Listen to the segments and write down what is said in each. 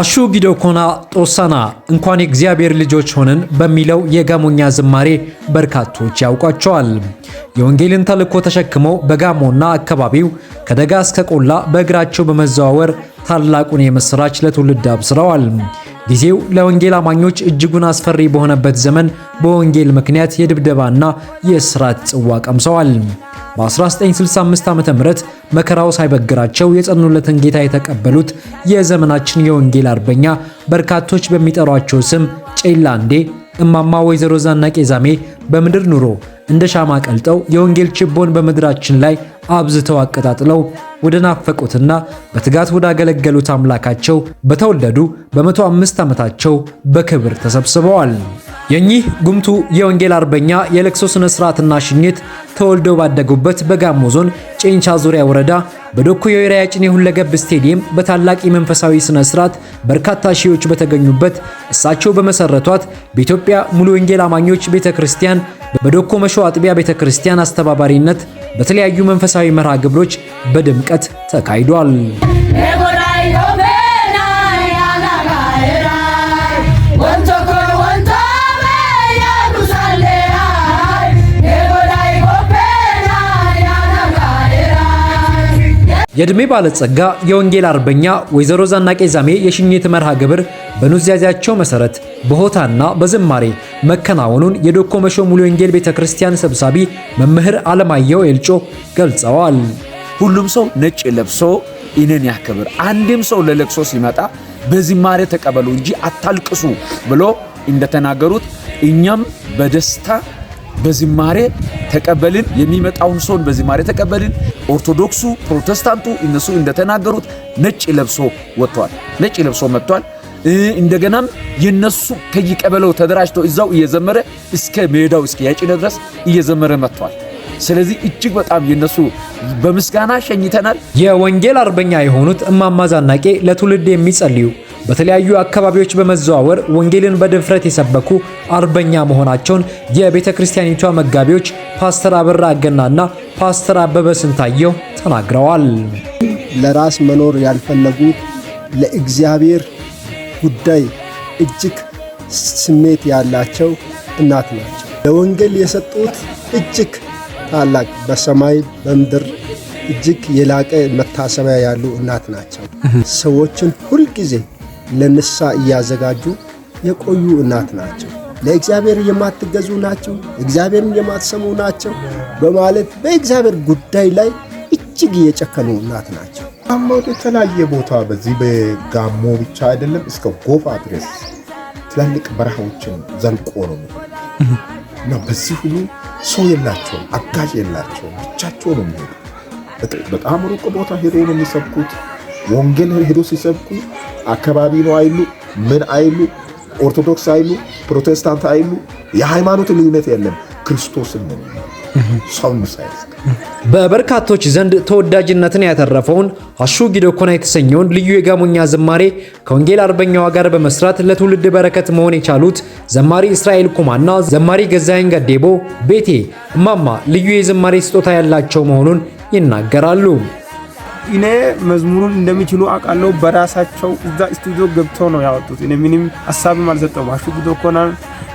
አሹ ቪዲዮ ኮና ጦሳና እንኳን የእግዚአብሔር ልጆች ሆነን በሚለው የጋሞኛ ዝማሬ በርካቶች ያውቋቸዋል። የወንጌልን ተልእኮ ተሸክመው በጋሞና አካባቢው ከደጋ እስከ ቆላ በእግራቸው በመዘዋወር ታላቁን የምሥራች ለትውልድ አብስረዋል። ጊዜው ለወንጌል አማኞች እጅጉን አስፈሪ በሆነበት ዘመን በወንጌል ምክንያት የድብደባና የእስራት ጽዋ ቀምሰዋል። በ1965 ዓ ም መከራው ሳይበግራቸው የጸኑለትን ጌታ የተቀበሉት የዘመናችን የወንጌል አርበኛ በርካቶች በሚጠሯቸው ስም ጬላ እማማ ወይዘሮ ዛና ቄዛሜ በምድር ኑሮ እንደ ሻማ ቀልጠው የወንጌል ችቦን በምድራችን ላይ አብዝተው አቀጣጥለው ወደ ናፈቁትና በትጋት ወዳገለገሉት አምላካቸው በተወለዱ በመቶ አምስት ዓመታቸው በክብር ተሰብስበዋል። የኚህ ጉምቱ የወንጌል አርበኛ የለቅሶ ስነ ስርዓትና ሽኝት ተወልደው ባደጉበት በጋሞ ዞን ጨንቻ ዙሪያ ወረዳ በዶኮ የወይራ ያጭኔ ሁለገብ ስቴዲየም በታላቅ የመንፈሳዊ ስነ ስርዓት በርካታ ሺዎች በተገኙበት እሳቸው በመሰረቷት በኢትዮጵያ ሙሉ ወንጌል አማኞች ቤተክርስቲያን በዶኮ መሾ አጥቢያ ቤተክርስቲያን አስተባባሪነት በተለያዩ መንፈሳዊ መርሃ ግብሮች በድምቀት ተካሂዷል። የእድሜ ባለጸጋ የወንጌል አርበኛ ወይዘሮ ዛናቄ ዛሜ የሽኝት መርሃ ግብር በኑዛዜያቸው መሰረት በሆታና በዝማሬ መከናወኑን የዶኮ መሾ ሙሉ ወንጌል ቤተ ክርስቲያን ሰብሳቢ መምህር አለማየሁ ኤልጮ ገልጸዋል። ሁሉም ሰው ነጭ ለብሶ ይህንን ያክብር። አንድም ሰው ለለቅሶ ሲመጣ በዝማሬ ተቀበሉ እንጂ አታልቅሱ ብሎ እንደተናገሩት እኛም በደስታ በዝማሬ ተቀበልን። የሚመጣውን ሰውን በዝማሬ ተቀበልን። ኦርቶዶክሱ፣ ፕሮቴስታንቱ እነሱ እንደተናገሩት ነጭ ለብሶ ወጥቷል። ነጭ ለብሶ መጥቷል። እንደገናም የነሱ ከይቀበለው ተደራጅተው እዛው እየዘመረ እስከ ሜዳው እስከ ያጭነ ድረስ እየዘመረ መጥቷል። ስለዚህ እጅግ በጣም የነሱ በምስጋና ሸኝተናል። የወንጌል አርበኛ የሆኑት እማማ ዛናቄ ለትውልድ የሚጸልዩ በተለያዩ አካባቢዎች በመዘዋወር ወንጌልን በድፍረት የሰበኩ አርበኛ መሆናቸውን የቤተ ክርስቲያኒቷ መጋቢዎች ፓስተር አበራ አገናና ፓስተር አበበ ስንታየው ተናግረዋል። ለራስ መኖር ያልፈለጉ ለእግዚአብሔር ጉዳይ እጅግ ስሜት ያላቸው እናት ናቸው። ለወንጌል የሰጡት እጅግ ታላቅ በሰማይ በምድር እጅግ የላቀ መታሰቢያ ያሉ እናት ናቸው። ሰዎችን ሁልጊዜ ለንሳ እያዘጋጁ የቆዩ እናት ናቸው። ለእግዚአብሔር የማትገዙ ናቸው፣ እግዚአብሔርን የማትሰሙ ናቸው በማለት በእግዚአብሔር ጉዳይ ላይ እጅግ እየጨከኑ እናት ናቸው። አማ የተለያየ ቦታ በዚህ በጋሞ ብቻ አይደለም እስከ ጎፋ ድረስ ትላልቅ በረሃዎችን ዘልቆ ነው እና በዚህ ሁሉ ሰው የላቸውም፣ አጋዥ የላቸውም። ብቻቸው ነው የሚሄዱ። በጣም ሩቅ ቦታ ሄዶ ነው የሚሰብኩት። ወንጌል ሄዶ ሲሰብኩ አካባቢ ነው አይሉ፣ ምን አይሉ፣ ኦርቶዶክስ አይሉ፣ ፕሮቴስታንት አይሉ። የሃይማኖት ልዩነት የለም። ክርስቶስን ነው ሰውን ሳይዝ በበርካቶች ዘንድ ተወዳጅነትን ያተረፈውን አሹ ጊዶኮና የተሰኘውን ልዩ የጋሞኛ ዝማሬ ከወንጌል አርበኛዋ ጋር በመስራት ለትውልድ በረከት መሆን የቻሉት ዘማሪ እስራኤል ኩማና ዘማሪ ገዛይን ገዴቦ ቤቴ እማማ ልዩ የዝማሬ ስጦታ ያላቸው መሆኑን ይናገራሉ። እኔ መዝሙሩን እንደሚችሉ አውቃለሁ። በራሳቸው እዛ ስቱዲዮ ገብተው ነው ያወጡት። እኔ ምንም ሀሳብም አልሰጠውም። አሹ ጊዶኮና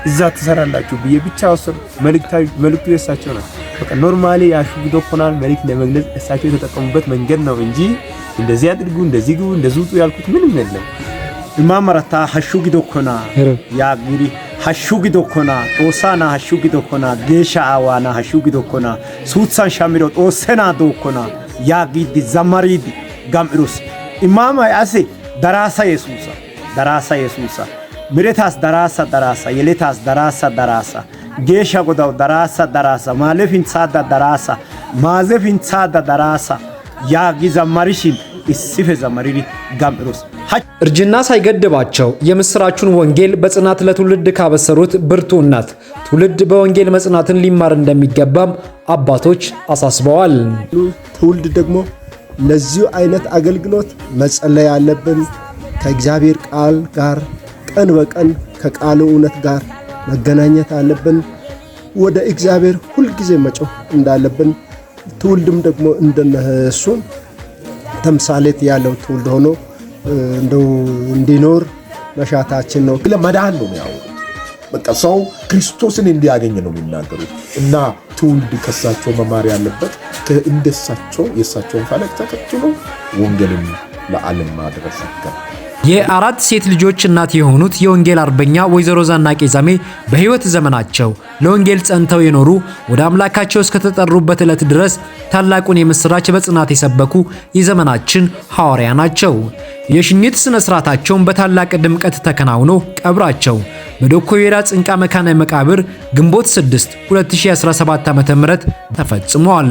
እዛ ትሰራላችሁ ብዬ ብቻ ወሰን መልእክታዊ መልእክቱ የእሳቸው ነው። በቃ ኖርማሊ ያሽጉዶ ዶኮናል መልእክት ለመግለጽ እሳቸው የተጠቀሙበት መንገድ ነው እንጂ እንደዚህ አድርጉ፣ እንደዚህ ግቡ፣ እንደዚህ ውጡ ያልኩት ምንም የለም። ማመረታ ሐሹጊዶ ዶኮና ያ ግሪ ሐሹጊዶ ዶኮና ጦሳና ሐሹጊዶ ዶኮና ጌሻ አዋና ሐሹጊዶ ዶኮና ሱትሳን ሻሚሮ ጦሰና ዶኮና ያ ግዲ ዘማሪድ ጋምሩስ ኢማማ ያሴ ደራሳ የሱሳ ደራሳ የሱሳ ብረታስ ደራሳ ደራሳ የሌታስ ደራሳ ደራሳ ጌሻ ጎዳው ደራሳ ደራሳ ማለፊን ሳዳ ደራሳ ማዘፊን ሳዳ ደራሳ ያጊ ዘማሪሽን ኢስፌ ዘማሪሪ ጋምሮስ እርጅና ሳይገድባቸው የምስራቹን ወንጌል በጽናት ለትውልድ ካበሰሩት ብርቱ እናት ትውልድ በወንጌል መጽናትን ሊማር እንደሚገባም አባቶች አሳስበዋል። ትውልድ ደግሞ ለዚሁ አይነት አገልግሎት መጸለይ ያለብን ከእግዚአብሔር ቃል ጋር ቀን በቀን ከቃሉ እውነት ጋር መገናኘት አለብን። ወደ እግዚአብሔር ሁልጊዜ መጮህ እንዳለብን ትውልድም ደግሞ እንደነሱ ተምሳሌት ያለው ትውልድ ሆኖ እንደው እንዲኖር መሻታችን ነው። ለመዳን ነው የሚያወሩት። በቃ ሰው ክርስቶስን እንዲያገኝ ነው የሚናገሩት እና ትውልድ ከሳቸው መማር ያለበት እንደሳቸው የእሳቸውን ፈለግ ተከትሎ ወንጌልን ለዓለም ማድረስ ይገባል። የአራት ሴት ልጆች እናት የሆኑት የወንጌል አርበኛ ወይዘሮ ዛናቄ ዛሜ በሕይወት ዘመናቸው ለወንጌል ጸንተው የኖሩ ወደ አምላካቸው እስከተጠሩበት ዕለት ድረስ ታላቁን የምስራች በጽናት የሰበኩ የዘመናችን ሐዋርያ ናቸው። የሽኝት ሥነ ሥርዓታቸውን በታላቅ ድምቀት ተከናውኖ ቀብራቸው በዶኮዌራ ጽንቃ መካነ መቃብር ግንቦት 6 2017 ዓ.ም ተፈጽሟል።